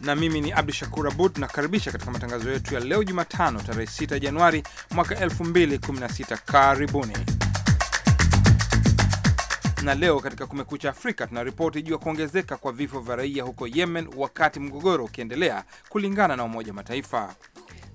na mimi ni Abdu Shakur Abud nakaribisha katika matangazo yetu ya leo Jumatano tarehe 6 Januari mwaka 2016. Karibuni na leo katika Kumekucha Afrika tunaripoti juu ya kuongezeka kwa vifo vya raia huko Yemen wakati mgogoro ukiendelea, kulingana na Umoja Mataifa.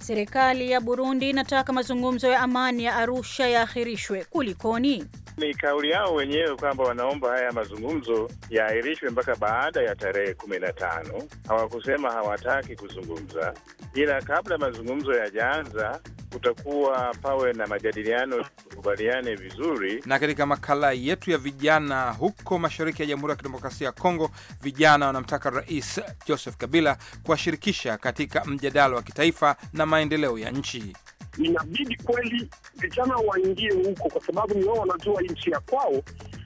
Serikali ya Burundi inataka mazungumzo ya amani ya Arusha yaahirishwe. Kulikoni? Ni kauli yao wenyewe kwamba wanaomba haya mazungumzo yaahirishwe mpaka baada ya tarehe kumi na tano. Hawakusema hawataki kuzungumza, ila kabla mazungumzo yajaanza kutakuwa pawe na majadiliano, tukubaliane vizuri. Na katika makala yetu ya vijana, huko mashariki ya Jamhuri ya Kidemokrasia ya Kongo, vijana wanamtaka Rais Joseph Kabila kuwashirikisha katika mjadala wa kitaifa na maendeleo ya nchi. Inabidi kweli vijana waingie huko, kwa sababu ni wao wanajua nchi ya kwao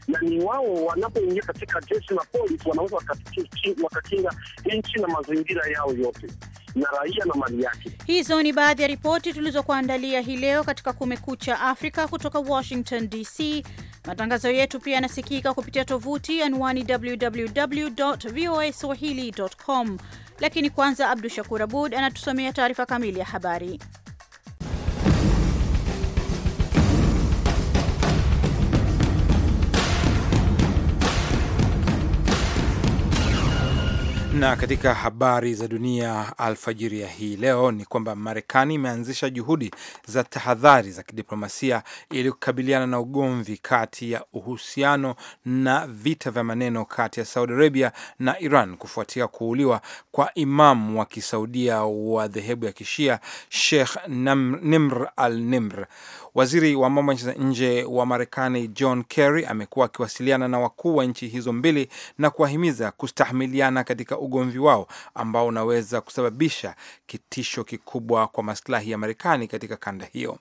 na ni wao wanapoingia katika jeshi na polisi wanaweza wakakinga nchi na mazingira yao yote na raia na mali yake. Hizo ni baadhi ya ripoti tulizokuandalia hii leo katika Kumekucha Afrika kutoka Washington DC. Matangazo yetu pia yanasikika kupitia tovuti anwani www voa www.voaswahili.com. Lakini kwanza, Abdu Shakur Abud anatusomea taarifa kamili ya habari. Na katika habari za dunia alfajiri ya hii leo ni kwamba Marekani imeanzisha juhudi za tahadhari za kidiplomasia ili kukabiliana na ugomvi kati ya uhusiano na vita vya maneno kati ya Saudi Arabia na Iran kufuatia kuuliwa kwa imamu wa kisaudia wa dhehebu ya kishia Sheikh Nimr al-Nimr. Waziri wa mambo ya nje wa Marekani John Kerry amekuwa akiwasiliana na wakuu wa nchi hizo mbili na kuwahimiza kustahimiliana katika ugomvi wao ambao unaweza kusababisha kitisho kikubwa kwa maslahi ya Marekani katika kanda hiyo.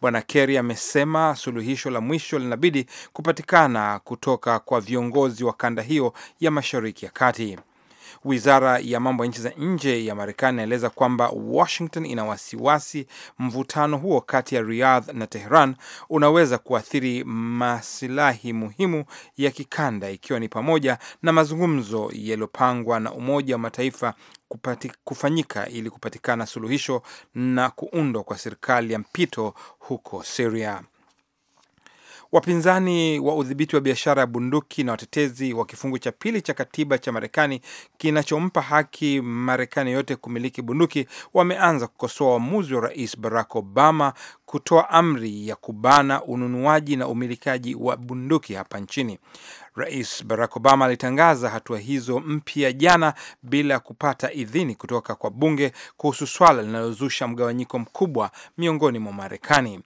Bwana Kerry amesema suluhisho la mwisho linabidi kupatikana kutoka kwa viongozi wa kanda hiyo ya Mashariki ya Kati. Wizara ya mambo ya nchi za nje ya Marekani inaeleza kwamba Washington ina wasiwasi mvutano huo kati ya Riyadh na Tehran unaweza kuathiri masilahi muhimu ya kikanda, ikiwa ni pamoja na mazungumzo yaliyopangwa na Umoja wa Mataifa kupati, kufanyika ili kupatikana suluhisho na kuundwa kwa serikali ya mpito huko Syria. Wapinzani wa udhibiti wa biashara ya bunduki na watetezi wa kifungu cha pili cha katiba cha Marekani kinachompa haki Marekani yote kumiliki bunduki wameanza kukosoa uamuzi wa Rais Barack Obama kutoa amri ya kubana ununuaji na umilikaji wa bunduki hapa nchini. Rais Barack Obama alitangaza hatua hizo mpya jana bila kupata idhini kutoka kwa bunge kuhusu swala linalozusha mgawanyiko mkubwa miongoni mwa Marekani.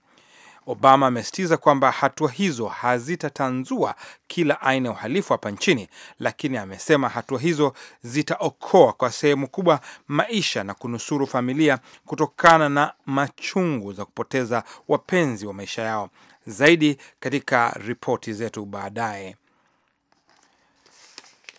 Obama amesitiza kwamba hatua hizo hazitatanzua kila aina ya uhalifu hapa nchini, lakini amesema hatua hizo zitaokoa kwa sehemu kubwa maisha na kunusuru familia kutokana na machungu za kupoteza wapenzi wa maisha yao. Zaidi katika ripoti zetu baadaye.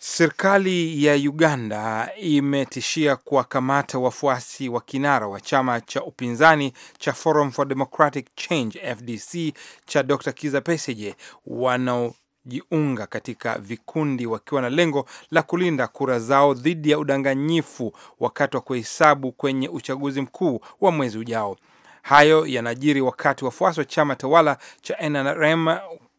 Serikali ya Uganda imetishia kuwakamata wafuasi wa kinara wa chama cha upinzani cha Forum for Democratic Change FDC cha Dr. Kiza Besigye wanaojiunga katika vikundi wakiwa na lengo la kulinda kura zao dhidi ya udanganyifu wakati wa kuhesabu kwenye uchaguzi mkuu wa mwezi ujao. Hayo yanajiri wakati wafuasi wa chama tawala cha NRM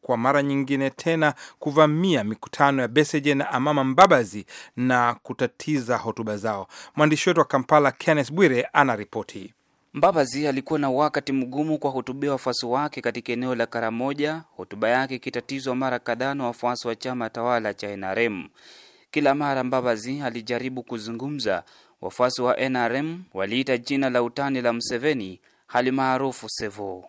kwa mara nyingine tena kuvamia mikutano ya beseje na Amama Mbabazi na kutatiza hotuba zao. Mwandishi wetu wa Kampala Kenneth Bwire anaripoti. Mbabazi alikuwa na wakati mgumu kwa hutubia wafuasi wake katika eneo la Karamoja, hotuba yake ikitatizwa mara kadhaa na wafuasi wa chama tawala cha NRM. Kila mara Mbabazi alijaribu kuzungumza, wafuasi wa NRM waliita jina la utani la Mseveni hali maarufu Sevo.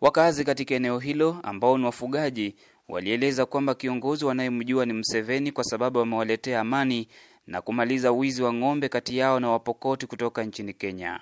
Wakazi katika eneo hilo ambao ni wafugaji walieleza kwamba kiongozi wanayemjua ni Mseveni kwa sababu amewaletea amani na kumaliza wizi wa ng'ombe kati yao na wapokoti kutoka nchini Kenya.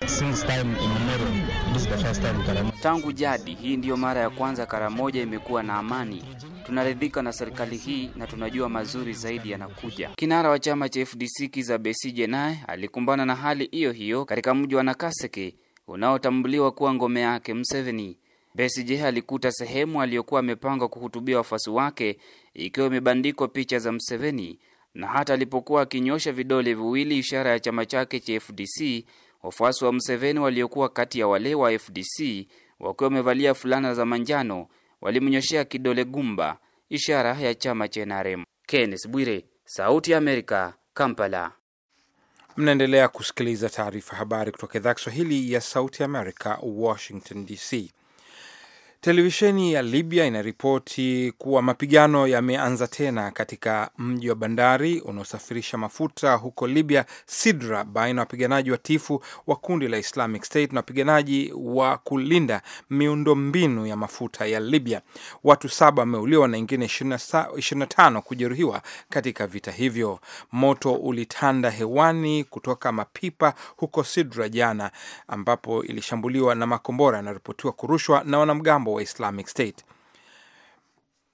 Tangu jadi hii ndiyo mara ya kwanza Karamoja imekuwa na amani. Tunaridhika na serikali hii na tunajua mazuri zaidi yanakuja. Kinara wa chama cha FDC Kiza Besije naye alikumbana na hali hiyo hiyo katika mji wa Nakaseke unaotambuliwa kuwa ngome yake Mseveni. Besije alikuta sehemu aliyokuwa amepanga kuhutubia wafuasi wake ikiwa imebandikwa picha za Mseveni, na hata alipokuwa akinyosha vidole viwili ishara ya chama chake cha FDC, wafuasi wa Mseveni waliokuwa kati ya wale wa FDC wakiwa wamevalia fulana za manjano walimnyoshea kidole gumba, ishara ya chama cha NRM. Kenneth Bwire, Sauti ya Amerika, Kampala. Mnaendelea kusikiliza taarifa habari kutoka idhaa Kiswahili ya Sauti Amerika, Washington DC. Televisheni ya Libya inaripoti kuwa mapigano yameanza tena katika mji wa bandari unaosafirisha mafuta huko Libya, Sidra, baina ya wapiganaji tifu wa kundi la Islamic State na wapiganaji wa kulinda miundombinu ya mafuta ya Libya. Watu saba wameuliwa na wengine 25 kujeruhiwa katika vita hivyo. Moto ulitanda hewani kutoka mapipa huko Sidra jana, ambapo ilishambuliwa na makombora yanaripotiwa kurushwa na wanamgambo wa Islamic State.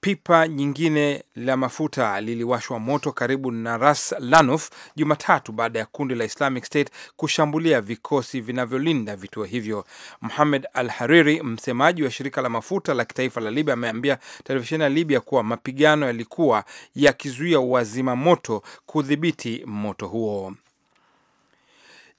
Pipa nyingine la mafuta liliwashwa moto karibu na Ras Lanuf Jumatatu baada ya kundi la Islamic State kushambulia vikosi vinavyolinda vituo hivyo. Muhamed Al Hariri, msemaji wa shirika la mafuta la kitaifa la Libya, ameambia televisheni ya Libya kuwa mapigano yalikuwa yakizuia wazima moto kudhibiti moto huo.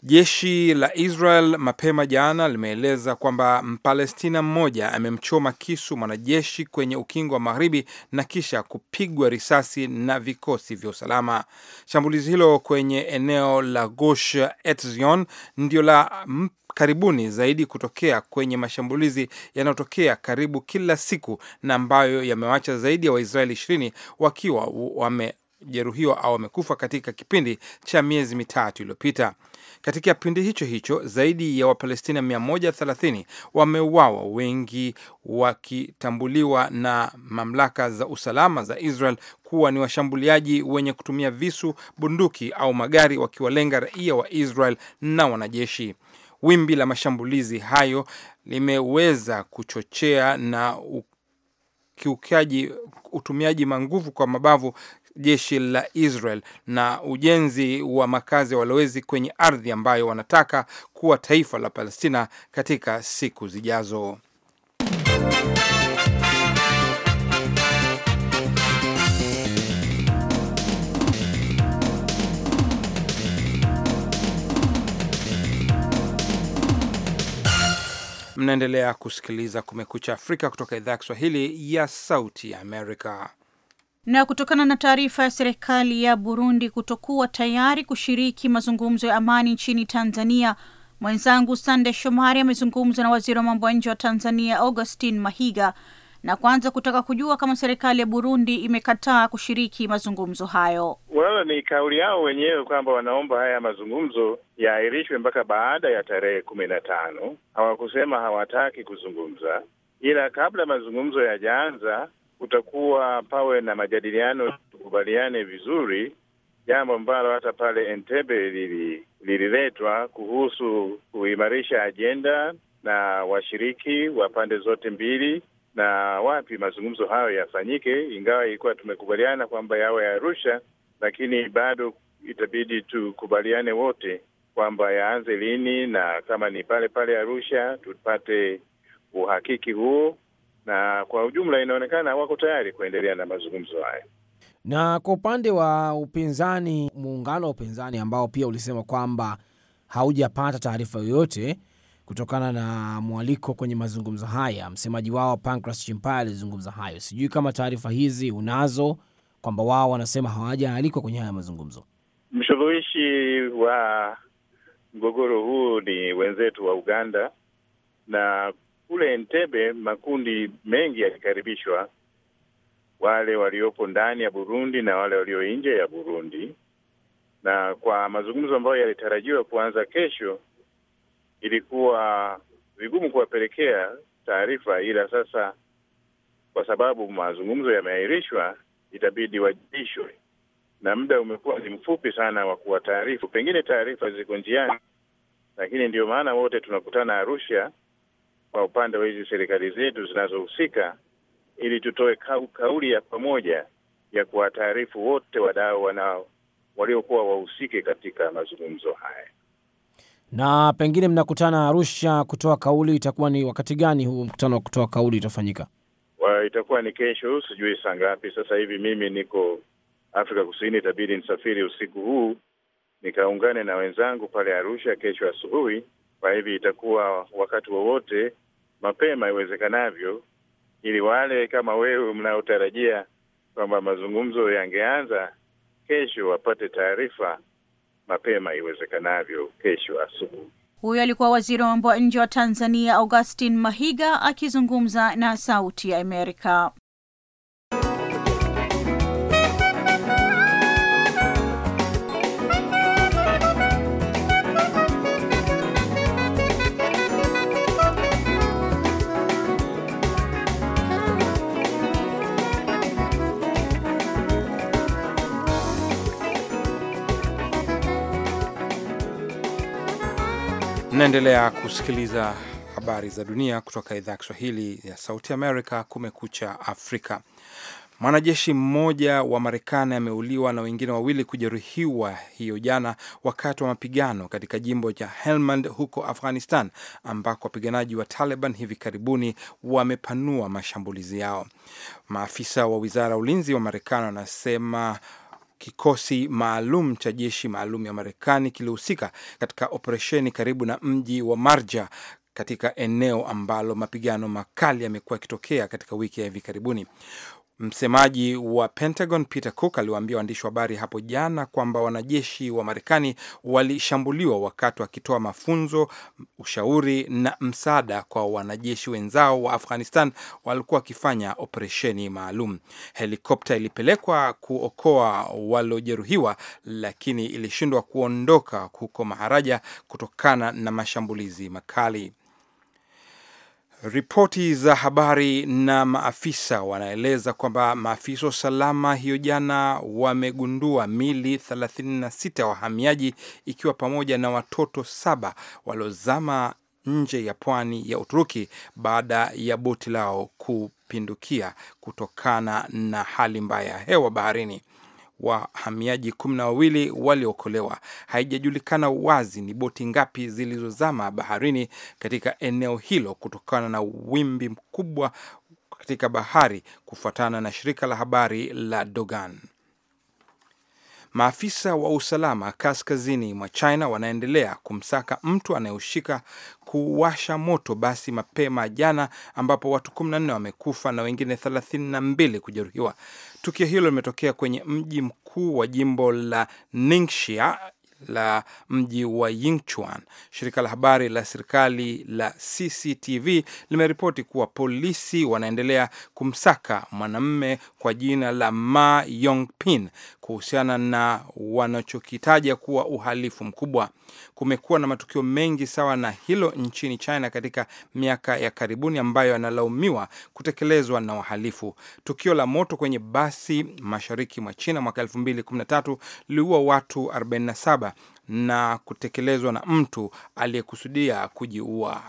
Jeshi la Israel mapema jana limeeleza kwamba Mpalestina mmoja amemchoma kisu mwanajeshi kwenye ukingo wa magharibi na kisha kupigwa risasi na vikosi vya usalama. Shambulizi hilo kwenye eneo la Gush Etzion ndio la karibuni zaidi kutokea kwenye mashambulizi yanayotokea karibu kila siku na ambayo yamewacha zaidi ya Waisraeli ishirini wakiwa wame waliojeruhiwa au wamekufa katika kipindi cha miezi mitatu iliyopita. Katika kipindi hicho hicho zaidi ya Wapalestina 130 wameuawa, wengi wakitambuliwa na mamlaka za usalama za Israel kuwa ni washambuliaji wenye kutumia visu, bunduki au magari wakiwalenga raia wa Israel na wanajeshi. Wimbi la mashambulizi hayo limeweza kuchochea na ukiukaji utumiaji manguvu kwa mabavu jeshi la Israel na ujenzi wa makazi ya walowezi kwenye ardhi ambayo wanataka kuwa taifa la Palestina katika siku zijazo. Mnaendelea kusikiliza Kumekucha Afrika kutoka idhaa ya Kiswahili ya Sauti ya Amerika. Na kutokana na taarifa ya serikali ya Burundi kutokuwa tayari kushiriki mazungumzo ya amani nchini Tanzania, mwenzangu Sande Shomari amezungumza na waziri wa mambo ya nje wa Tanzania Augustin Mahiga na kwanza kutaka kujua kama serikali ya Burundi imekataa kushiriki mazungumzo hayo. Well, ni kauli yao wenyewe kwamba wanaomba haya mazungumzo yaahirishwe mpaka baada ya tarehe kumi na tano. Hawakusema hawataki kuzungumza, ila kabla mazungumzo yajaanza kutakuwa pawe na majadiliano, tukubaliane vizuri, jambo ambalo hata pale Entebbe lililetwa lili kuhusu kuimarisha ajenda na washiriki wa pande zote mbili na wapi mazungumzo hayo yafanyike. Ingawa ilikuwa tumekubaliana kwamba yawe ya Arusha, lakini bado itabidi tukubaliane wote kwamba yaanze lini, na kama ni pale pale Arusha tupate uhakiki huo na kwa ujumla inaonekana wako tayari kuendelea na mazungumzo haya. Na kwa upande wa upinzani, muungano wa upinzani ambao pia ulisema kwamba haujapata taarifa yoyote kutokana na mwaliko kwenye mazungumzo haya, msemaji wao Pancras Chimpaya alizungumza hayo. Sijui kama taarifa hizi unazo kwamba wao wanasema hawajaalikwa kwenye haya mazungumzo. mshuruhishi wa mgogoro huu ni wenzetu wa Uganda na kule Entebbe makundi mengi yalikaribishwa, wale waliopo ndani ya Burundi na wale walio nje ya Burundi, na kwa mazungumzo ambayo yalitarajiwa kuanza kesho, ilikuwa vigumu kuwapelekea taarifa, ila sasa kwa sababu mazungumzo yameahirishwa, itabidi wajulishwe, na muda umekuwa ni mfupi sana wa kuwataarifu. Pengine taarifa ziko njiani, lakini ndio maana wote tunakutana Arusha kwa upande wa hizi serikali zetu zinazohusika, ili tutoe kauli ya pamoja ya kuwataarifu wote wadau wanao waliokuwa wahusike katika mazungumzo haya. Na pengine mnakutana Arusha kutoa kauli, itakuwa ni wakati gani huu mkutano wa kutoa kauli utafanyika? itakuwa ni kesho, sijui saa ngapi. Sasa hivi mimi niko Afrika Kusini, itabidi nisafiri usiku huu nikaungane na wenzangu pale Arusha kesho asubuhi. Kwa hivi itakuwa wakati wowote mapema iwezekanavyo, ili wale kama wewe mnaotarajia kwamba mazungumzo yangeanza kesho wapate taarifa mapema iwezekanavyo kesho asubuhi. Huyo alikuwa waziri wa mambo ya nje wa Tanzania Augustin Mahiga akizungumza na Sauti ya Amerika. naendelea kusikiliza habari za dunia kutoka idhaa ya Kiswahili ya Sauti Amerika, Kumekucha Afrika. Mwanajeshi mmoja wa Marekani ameuliwa na wengine wawili kujeruhiwa hiyo jana wakati wa mapigano katika jimbo cha Helmand huko Afghanistan, ambako wapiganaji wa Taliban hivi karibuni wamepanua mashambulizi yao. Maafisa wa wizara ya ulinzi wa Marekani wanasema kikosi maalum cha jeshi maalum ya Marekani kilihusika katika operesheni karibu na mji wa Marja katika eneo ambalo mapigano makali yamekuwa yakitokea katika wiki ya hivi karibuni. Msemaji wa Pentagon Peter Cook aliwaambia waandishi wa habari hapo jana kwamba wanajeshi wa Marekani walishambuliwa wakati wakitoa mafunzo, ushauri na msaada kwa wanajeshi wenzao wa Afghanistan walikuwa wakifanya operesheni maalum. Helikopta ilipelekwa kuokoa waliojeruhiwa, lakini ilishindwa kuondoka huko Maharaja kutokana na mashambulizi makali. Ripoti za habari na maafisa wanaeleza kwamba maafisa wa usalama hiyo jana wamegundua mili 36 ya wahamiaji ikiwa pamoja na watoto saba waliozama nje ya pwani ya Uturuki baada ya boti lao kupindukia kutokana na hali mbaya ya hewa baharini wahamiaji kumi na wawili waliokolewa. Haijajulikana wazi ni boti ngapi zilizozama baharini katika eneo hilo kutokana na wimbi mkubwa katika bahari, kufuatana na shirika la habari la Dogan. Maafisa wa usalama kaskazini mwa China wanaendelea kumsaka mtu anayehusika kuwasha moto basi mapema jana, ambapo watu 14 wamekufa na wengine 32 kujeruhiwa. Tukio hilo limetokea kwenye mji mkuu wa jimbo la Ningxia la mji wa Yingchuan. Shirika la habari la serikali la CCTV limeripoti kuwa polisi wanaendelea kumsaka mwanamme kwa jina la Ma Yongpin kuhusiana na wanachokitaja kuwa uhalifu mkubwa. Kumekuwa na matukio mengi sawa na hilo nchini China katika miaka ya karibuni ambayo yanalaumiwa kutekelezwa na wahalifu. Tukio la moto kwenye basi mashariki mwa China mwaka 2013 liua watu 47 na kutekelezwa na mtu aliyekusudia kujiua.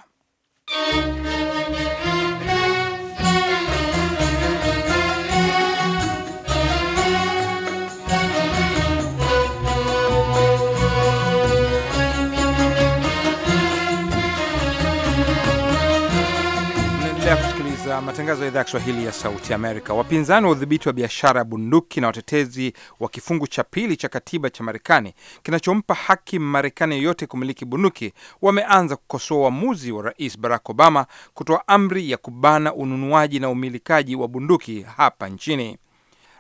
Matangazo ya idhaa ya Kiswahili ya Sauti Amerika. Wapinzani wa udhibiti wa biashara ya bunduki na watetezi wa kifungu cha pili cha katiba cha Marekani kinachompa haki Marekani yoyote kumiliki bunduki wameanza kukosoa uamuzi wa Rais Barack Obama kutoa amri ya kubana ununuaji na umilikaji wa bunduki hapa nchini.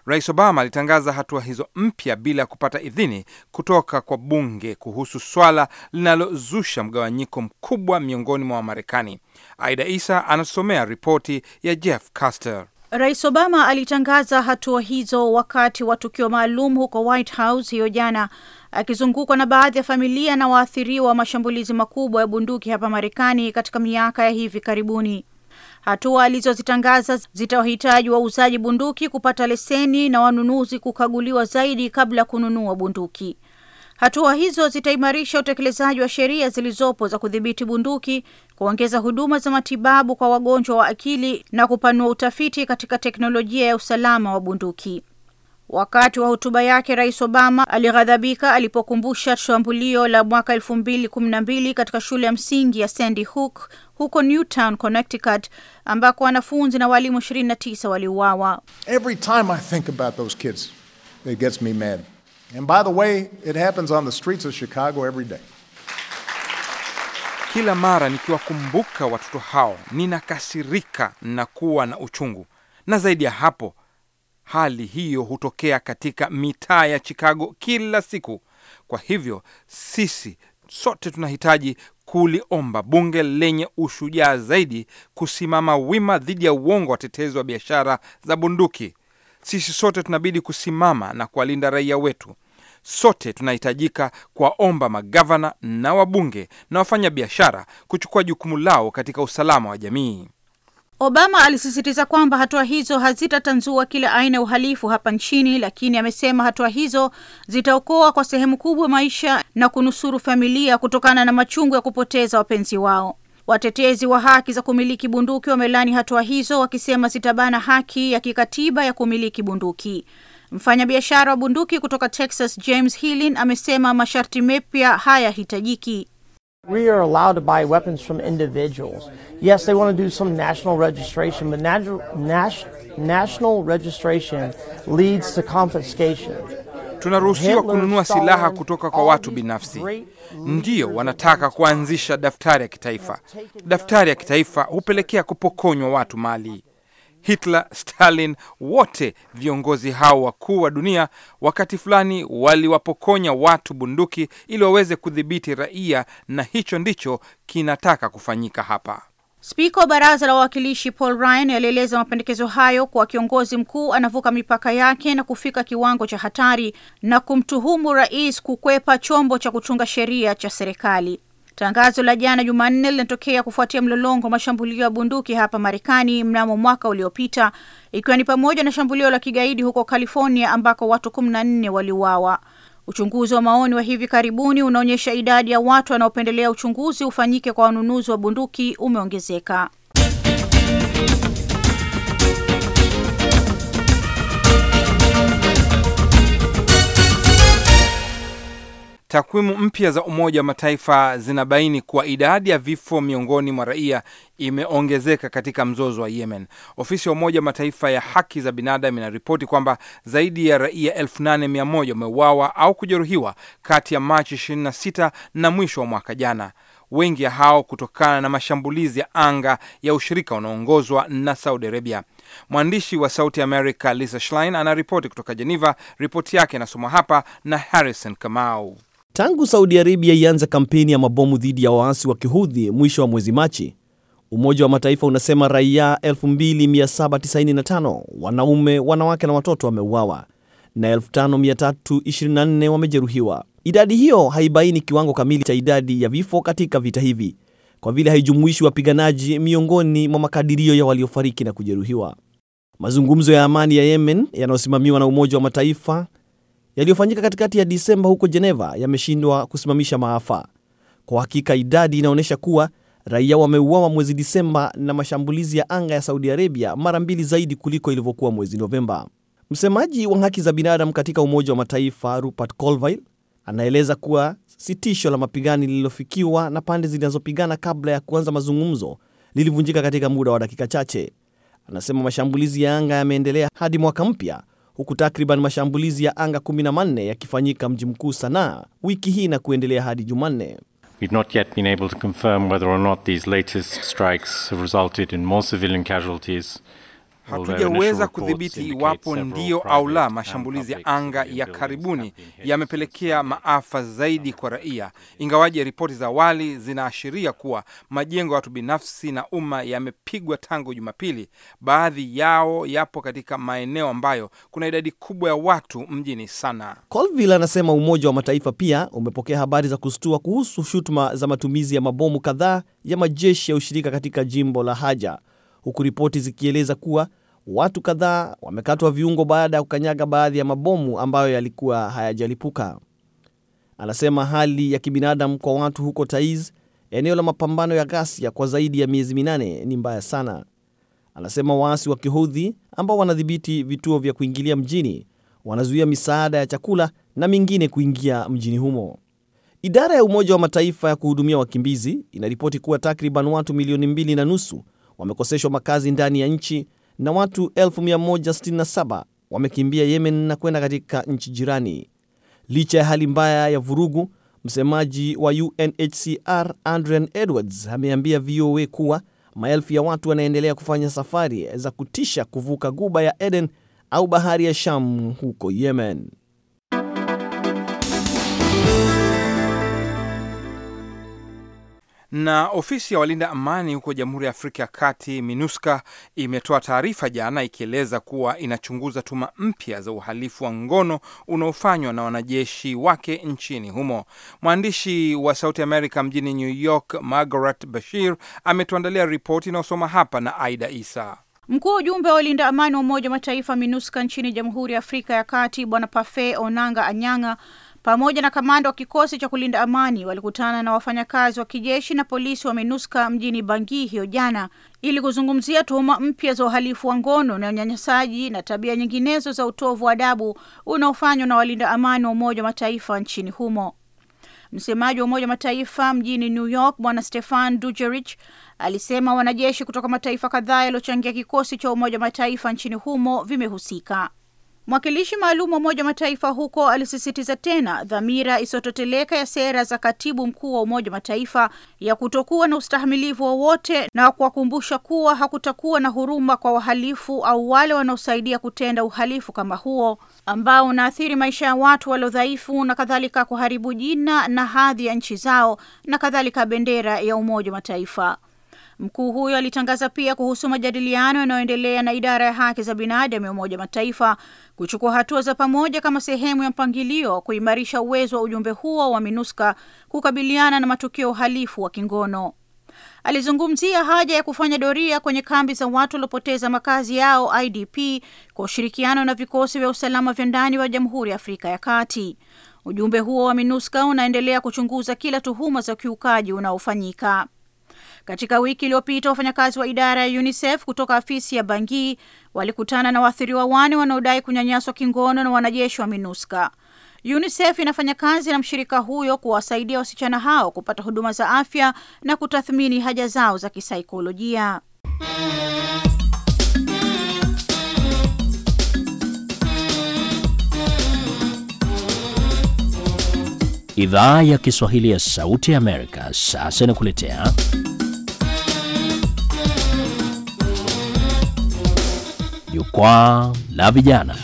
Rais Obama alitangaza hatua hizo mpya bila ya kupata idhini kutoka kwa bunge kuhusu swala linalozusha mgawanyiko mkubwa miongoni mwa Wamarekani. Aida Isa anasomea ripoti ya Jeff Caster. Rais Obama alitangaza hatua hizo wakati wa tukio maalum huko White House hiyo jana, akizungukwa na baadhi ya familia na waathiriwa wa mashambulizi makubwa ya bunduki hapa Marekani katika miaka ya hivi karibuni. Hatua alizozitangaza zitawahitaji wauzaji bunduki kupata leseni na wanunuzi kukaguliwa zaidi kabla ya kununua bunduki. Hatua hizo zitaimarisha utekelezaji wa sheria zilizopo za kudhibiti bunduki, kuongeza huduma za matibabu kwa wagonjwa wa akili na kupanua utafiti katika teknolojia ya usalama wa bunduki. Wakati wa hotuba yake, Rais Obama alighadhabika alipokumbusha shambulio la mwaka elfu mbili kumi na mbili katika shule ya msingi ya Sandy Hook huko Newtown, Connecticut ambako wanafunzi na walimu 29 waliuawa. Every time I think about those kids, it gets me mad. And by the way, it happens on the streets of Chicago every day. Kila mara nikiwakumbuka watoto hao ninakasirika na kuwa na uchungu, na zaidi ya hapo, hali hiyo hutokea katika mitaa ya Chicago kila siku. Kwa hivyo sisi sote tunahitaji kuliomba bunge lenye ushujaa zaidi kusimama wima dhidi ya uongo watetezi wa biashara za bunduki. Sisi sote tunabidi kusimama na kuwalinda raia wetu. Sote tunahitajika kuwaomba magavana na wabunge na wafanya biashara kuchukua jukumu lao katika usalama wa jamii. Obama alisisitiza kwamba hatua hizo hazitatanzua kila aina ya uhalifu hapa nchini, lakini amesema hatua hizo zitaokoa kwa sehemu kubwa maisha na kunusuru familia kutokana na machungu ya kupoteza wapenzi wao. Watetezi wa haki za kumiliki bunduki wamelani hatua hizo, wakisema zitabana haki ya kikatiba ya kumiliki bunduki. Mfanyabiashara wa bunduki kutoka Texas James Hillin amesema masharti mapya hayahitajiki. We are allowed to buy weapons from individuals. Yes, they want to do some national registration, but nat- nas- national registration leads to confiscation. Tunaruhusiwa kununua silaha kutoka kwa watu binafsi. Ndiyo wanataka kuanzisha daftari ya kitaifa. Daftari ya kitaifa hupelekea kupokonywa watu mali. Hitler, Stalin, wote viongozi hao wakuu wa dunia wakati fulani waliwapokonya watu bunduki ili waweze kudhibiti raia, na hicho ndicho kinataka kufanyika hapa. Spika wa baraza la wawakilishi Paul Ryan alieleza mapendekezo hayo kuwa kiongozi mkuu anavuka mipaka yake na kufika kiwango cha hatari, na kumtuhumu rais kukwepa chombo cha kutunga sheria cha serikali. Tangazo la jana Jumanne linatokea kufuatia mlolongo wa mashambulio ya bunduki hapa Marekani mnamo mwaka uliopita, ikiwa ni pamoja na shambulio la kigaidi huko California ambako watu kumi na nne waliuawa. Uchunguzi wa maoni wa hivi karibuni unaonyesha idadi ya watu wanaopendelea uchunguzi ufanyike kwa wanunuzi wa bunduki umeongezeka. Takwimu mpya za Umoja wa Mataifa zinabaini kuwa idadi ya vifo miongoni mwa raia imeongezeka katika mzozo wa Yemen. Ofisi ya Umoja wa Mataifa ya haki za binadamu inaripoti kwamba zaidi ya raia 8100 wameuawa au kujeruhiwa kati ya Machi 26 na mwisho wa mwaka jana, wengi ya hao kutokana na mashambulizi ya anga ya ushirika unaoongozwa na Saudi Arabia. Mwandishi wa Sauti America Lisa Schlein anaripoti kutoka Geneva. Ripoti yake inasomwa hapa na Harrison Kamau. Tangu Saudi Arabia ianze kampeni ya mabomu dhidi ya waasi wa kihudhi mwisho wa mwezi Machi, Umoja wa Mataifa unasema raia 2795 wanaume, wanawake na watoto wameuawa na 5324 wamejeruhiwa. Idadi hiyo haibaini kiwango kamili cha idadi ya vifo katika vita hivi kwa vile haijumuishi wapiganaji miongoni mwa makadirio ya waliofariki na kujeruhiwa. Mazungumzo ya amani ya Yemen yanayosimamiwa na Umoja wa Mataifa yaliyofanyika katikati ya Disemba huko Jeneva yameshindwa kusimamisha maafa. Kwa hakika idadi inaonyesha kuwa raia wameuawa mwezi Disemba na mashambulizi ya anga ya Saudi Arabia mara mbili zaidi kuliko ilivyokuwa mwezi Novemba. Msemaji wa haki za binadamu katika Umoja wa Mataifa Rupert Colville anaeleza kuwa sitisho la mapigano lililofikiwa na pande zinazopigana kabla ya kuanza mazungumzo lilivunjika katika muda wa dakika chache. Anasema mashambulizi ya anga yameendelea hadi mwaka mpya huku takriban mashambulizi ya anga 14 yakifanyika mji mkuu Sanaa wiki hii na kuendelea hadi Jumanne. We've not yet been able to confirm whether or not these latest strikes have resulted in more civilian casualties hatujaweza kudhibiti iwapo ndio au la. Mashambulizi ya anga ya karibuni yamepelekea maafa zaidi kwa raia, ingawaje ripoti za awali zinaashiria kuwa majengo ya watu binafsi na umma yamepigwa tangu Jumapili. Baadhi yao yapo katika maeneo ambayo kuna idadi kubwa ya watu mjini Sana. Colville anasema Umoja wa Mataifa pia umepokea habari za kustua kuhusu shutuma za matumizi ya mabomu kadhaa ya majeshi ya ushirika katika jimbo la Haja huku ripoti zikieleza kuwa watu kadhaa wamekatwa viungo baada ya kukanyaga baadhi ya mabomu ambayo yalikuwa hayajalipuka. Anasema hali ya kibinadamu kwa watu huko Taiz, eneo la mapambano ya ghasia kwa zaidi ya miezi minane, ni mbaya sana. Anasema waasi wa Kihudhi ambao wanadhibiti vituo vya kuingilia mjini wanazuia misaada ya chakula na mingine kuingia mjini humo. Idara ya Umoja wa Mataifa ya kuhudumia wakimbizi inaripoti kuwa takriban watu milioni mbili na nusu wamekoseshwa makazi ndani ya nchi na watu 167 wamekimbia Yemen na kwenda katika nchi jirani. Licha ya hali mbaya ya vurugu, msemaji wa UNHCR Adrian Edwards ameambia VOA kuwa maelfu ya watu wanaendelea kufanya safari za kutisha kuvuka guba ya Eden au bahari ya Shamu huko Yemen. Na ofisi ya walinda amani huko Jamhuri ya Afrika ya Kati, MINUSCA, imetoa taarifa jana ikieleza kuwa inachunguza tuma mpya za uhalifu wa ngono unaofanywa na wanajeshi wake nchini humo. Mwandishi wa Sauti america mjini New York, Margaret Bashir, ametuandalia ripoti inayosoma hapa na Aida Isa. Mkuu wa ujumbe wa walinda amani wa Umoja wa Mataifa MINUSCA nchini Jamhuri ya Afrika ya Kati, Bwana Pafe Onanga Anyanga pamoja na kamanda wa kikosi cha kulinda amani walikutana na wafanyakazi wa kijeshi na polisi wa minuska mjini Bangi hiyo jana ili kuzungumzia tuhuma mpya za uhalifu wa ngono na unyanyasaji na tabia nyinginezo za utovu wa adabu unaofanywa na walinda amani wa Umoja wa Mataifa nchini humo. Msemaji wa Umoja wa Mataifa mjini New York Bwana Stefan Dujerich alisema wanajeshi kutoka mataifa kadhaa yaliyochangia kikosi cha Umoja wa Mataifa nchini humo vimehusika. Mwakilishi maalum wa Umoja wa Mataifa huko alisisitiza tena dhamira isiyototeleka ya sera za katibu mkuu wa Umoja wa Mataifa ya kutokuwa na ustahamilivu wowote na kuwakumbusha kuwa hakutakuwa na huruma kwa wahalifu au wale wanaosaidia kutenda uhalifu kama huo ambao unaathiri maisha ya watu waliodhaifu na kadhalika, kuharibu jina na hadhi ya nchi zao na kadhalika, bendera ya Umoja wa Mataifa. Mkuu huyo alitangaza pia kuhusu majadiliano yanayoendelea na idara ya haki za binadamu ya Umoja Mataifa kuchukua hatua za pamoja kama sehemu ya mpangilio wa kuimarisha uwezo wa ujumbe huo wa MINUSCA kukabiliana na matukio ya uhalifu wa kingono. Alizungumzia haja ya kufanya doria kwenye kambi za watu waliopoteza makazi yao IDP kwa ushirikiano na vikosi vya usalama vya ndani wa Jamhuri ya Afrika ya Kati. Ujumbe huo wa MINUSCA unaendelea kuchunguza kila tuhuma za ukiukaji unaofanyika. Katika wiki iliyopita wafanyakazi wa idara ya UNICEF kutoka afisi ya Bangi walikutana na waathiriwa wane wanaodai kunyanyaswa kingono na wanajeshi wa MINUSCA. UNICEF inafanya kazi na mshirika huyo kuwasaidia wasichana hao kupata huduma za afya na kutathmini haja zao za kisaikolojia. Idhaa ya Kiswahili ya Sauti ya Amerika sasa inakuletea Jukwaa la Vijana.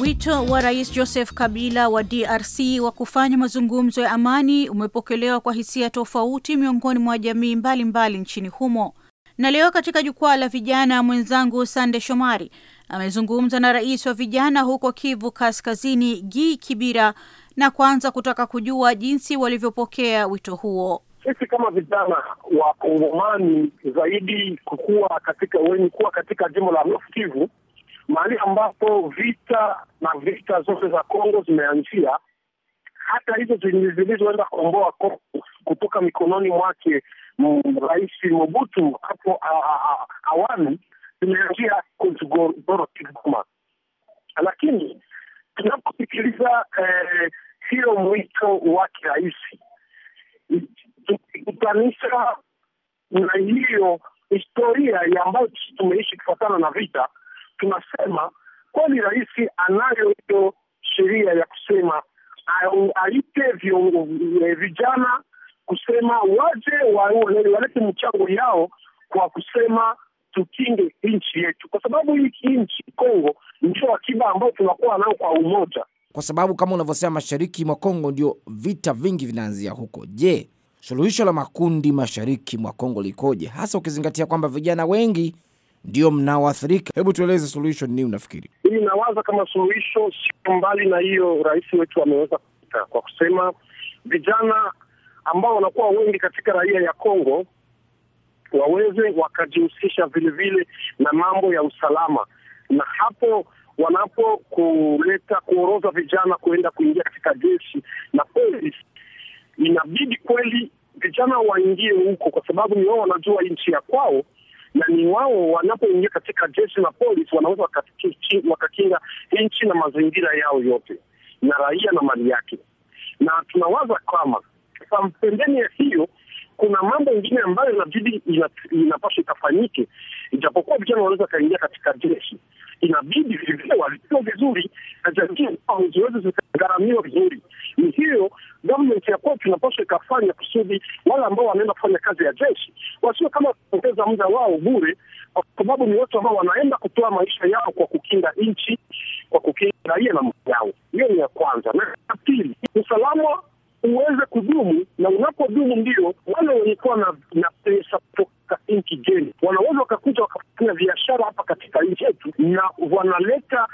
Wito wa Rais Joseph Kabila wa DRC wa kufanya mazungumzo ya amani umepokelewa kwa hisia tofauti miongoni mwa jamii mbalimbali mbali nchini humo. Na leo katika Jukwaa la Vijana, mwenzangu Sande Shomari amezungumza na rais wa vijana huko Kivu Kaskazini, Gi Kibira, na kwanza kutaka kujua jinsi walivyopokea wito huo. Sisi kama vijana wa Kongomani zaidi kukuwa katika wenye kuwa katika jimbo la North Kivu, mahali ambapo vita na vita zote za Kongo zimeanzia, hata hizo zilizoenda kuomboa Kongo kutoka mikononi mwake Rais Mobutu hapo awali zimeanzia kuzogora kigoma, lakini tunaposikiliza eh, hiyo mwito wa kirahisi tukikutanisha na hiyo historia ambayo tumeishi kufuatana na vita, tunasema kweli rais anayo hiyo sheria ya kusema aite eh, vijana kusema waje walete mchango yao kwa kusema tukinge nchi yetu, kwa sababu hii nchi Kongo ndio akiba ambayo tunakuwa nao kwa umoja, kwa sababu kama unavyosema, mashariki mwa Kongo ndio vita vingi vinaanzia huko. Je, suluhisho la makundi mashariki mwa Kongo likoje, hasa ukizingatia kwamba vijana wengi ndio mnaoathirika? Hebu tueleze suluhisho ni nini unafikiri? Mimi nawaza kama suluhisho sio mbali na hiyo rais wetu ameweza kupita kwa kusema vijana ambao wanakuwa wengi katika raia ya Kongo waweze wakajihusisha vilevile na mambo ya usalama, na hapo wanapokuleta kuoroza vijana kuenda kuingia katika jeshi na polisi, inabidi kweli vijana waingie huko, kwa sababu ni wao wanajua nchi ya kwao na ni wao wanapoingia katika jeshi na polisi wanaweza wakakinga nchi na mazingira yao yote na raia na mali yake. Na tunawaza kama kampeni ya hiyo kuna mambo ingine ambayo inabidi inapaswa ikafanyike, ijapokuwa vijana wanaweza kaingia katika jeshi, inabidi vilevile walipiwa vizuri na jamii zao ziweze zikagharamiwa vizuri. Ni hiyo government ya kwetu inapaswa ikafanya kusudi wale ambao wanaenda kufanya kazi ya jeshi wasio kama kuongeza muda wao bure, kwa sababu ni watu ambao wanaenda kutoa maisha yao kwa kukinga nchi, kwa kukinga raia na mao yao. Hiyo ni ya kwanza, na ya pili usalama uweze kudumu, na unapodumu ndio wale walikuwa na, na pesa kutoka nchi geni wanaweza wakakuja wakafanya biashara hapa katika nchi yetu, na wanaleta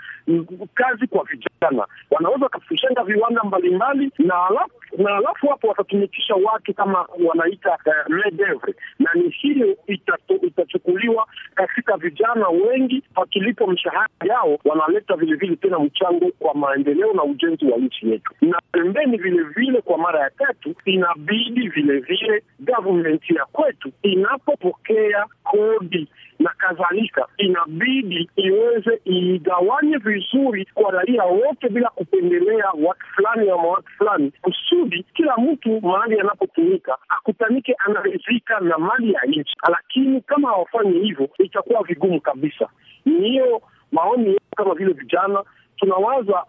kazi kwa vijana, wanaweza wakajenga viwanda mbalimbali, na halafu na alafu hapo watatumikisha watu kama wanaita uh, na ni hiyo itachukuliwa katika vijana wengi, wakilipo mshahara yao wanaleta vilevile tena mchango kwa maendeleo na ujenzi wa nchi yetu. Na pembeni vilevile, kwa mara ya tatu, inabidi vilevile government ya kwetu inapopokea kodi na kadhalika, inabidi iweze igawanye vizuri kwa raia wote bila kupendelea watu fulani ama watu fulani, kusudi kila mtu mahali anapotumika akutanike anaridhika na mali ya nchi. Lakini kama hawafanyi hivyo, itakuwa vigumu kabisa. Niyo maoni yetu kama vile vijana tunawaza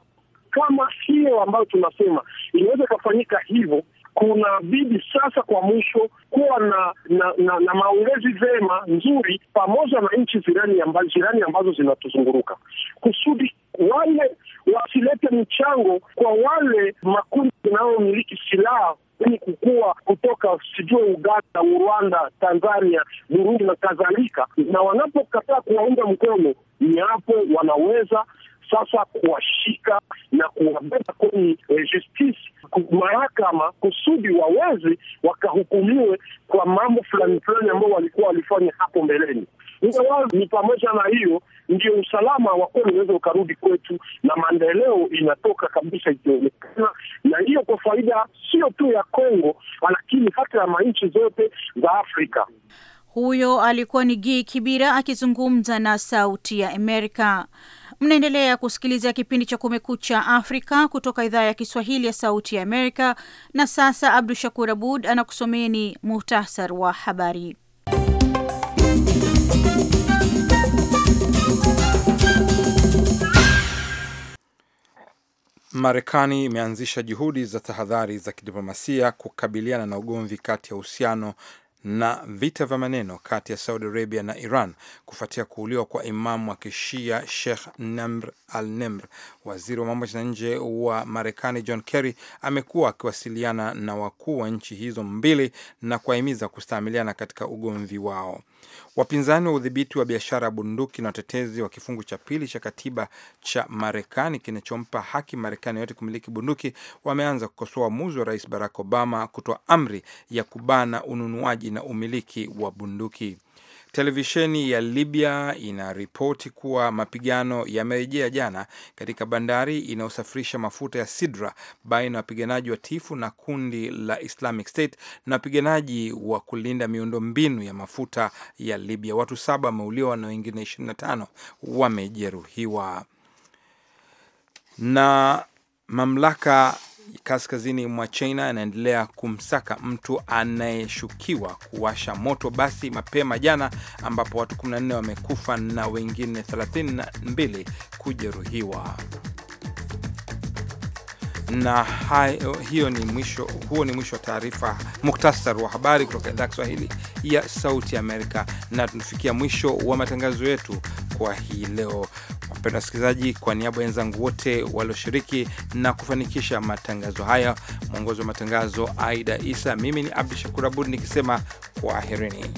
kama hiyo ambayo tunasema inaweza ikafanyika hivyo, kuna bidi sasa kwa mwisho kuwa na na, na, na maongezi vema nzuri pamoja na nchi jirani ambazo, jirani ambazo zinatuzunguruka kusudi wale wasilete mchango kwa wale makundi yanayomiliki silaha ni kukua kutoka sijue Uganda, Rwanda, Tanzania, Burundi na kadhalika, na wanapokataa kuwaunga mkono, ni hapo wanaweza sasa kuwashika na kuwabeba kwenye eh, justice mahakama kusudi waweze wakahukumiwe kwa mambo fulani fulani ambayo walikuwa walifanya hapo mbeleni. Ingawa ni pamoja na hiyo, ndio usalama wa kweli unaweza ukarudi kwetu na maendeleo inatoka kabisa ikionekana, na hiyo kwa faida sio tu ya Kongo, lakini hata ya manchi zote za Afrika. Huyo alikuwa ni Gi Kibira akizungumza na Sauti ya Amerika. Mnaendelea kusikiliza kipindi cha Kumekucha Afrika kutoka idhaa ya Kiswahili ya Sauti ya Amerika. Na sasa Abdu Shakur Abud anakusomeni muhtasar wa habari. Marekani imeanzisha juhudi za tahadhari za kidiplomasia kukabiliana na ugomvi kati ya uhusiano na vita vya maneno kati ya Saudi Arabia na Iran kufuatia kuuliwa kwa imamu wa kishia Sheikh Namr al Nemr Waziri wa mambo ya nje wa Marekani John Kerry amekuwa akiwasiliana na wakuu wa nchi hizo mbili na kuwahimiza kustaamiliana katika ugomvi wao. Wapinzani wa udhibiti wa biashara ya bunduki na watetezi wa kifungu cha pili cha katiba cha Marekani kinachompa haki Marekani yote kumiliki bunduki wameanza kukosoa uamuzi wa Rais Barack Obama kutoa amri ya kubana ununuaji na umiliki wa bunduki. Televisheni ya Libya inaripoti kuwa mapigano yamerejea jana katika bandari inayosafirisha mafuta ya Sidra baina ya wapiganaji wa tifu na kundi la Islamic State na wapiganaji wa kulinda miundo mbinu ya mafuta ya Libya. Watu saba wameuliwa na wengine 25 wamejeruhiwa. Na mamlaka kaskazini mwa China anaendelea kumsaka mtu anayeshukiwa kuwasha moto basi mapema jana, ambapo watu 14 wamekufa na wengine 32 kujeruhiwa na hai, eh, hiyo ni mwisho, huo ni mwisho wa taarifa muktasar wa habari kutoka idhaa Kiswahili ya Sauti Amerika, na tunafikia mwisho wa matangazo yetu kwa hii leo. wapenda wasikilizaji, kwa niaba ya wenzangu wote walioshiriki na kufanikisha matangazo haya, mwongozi wa matangazo Aida Isa, mimi ni Abdu Shakur Abud nikisema kwaherini.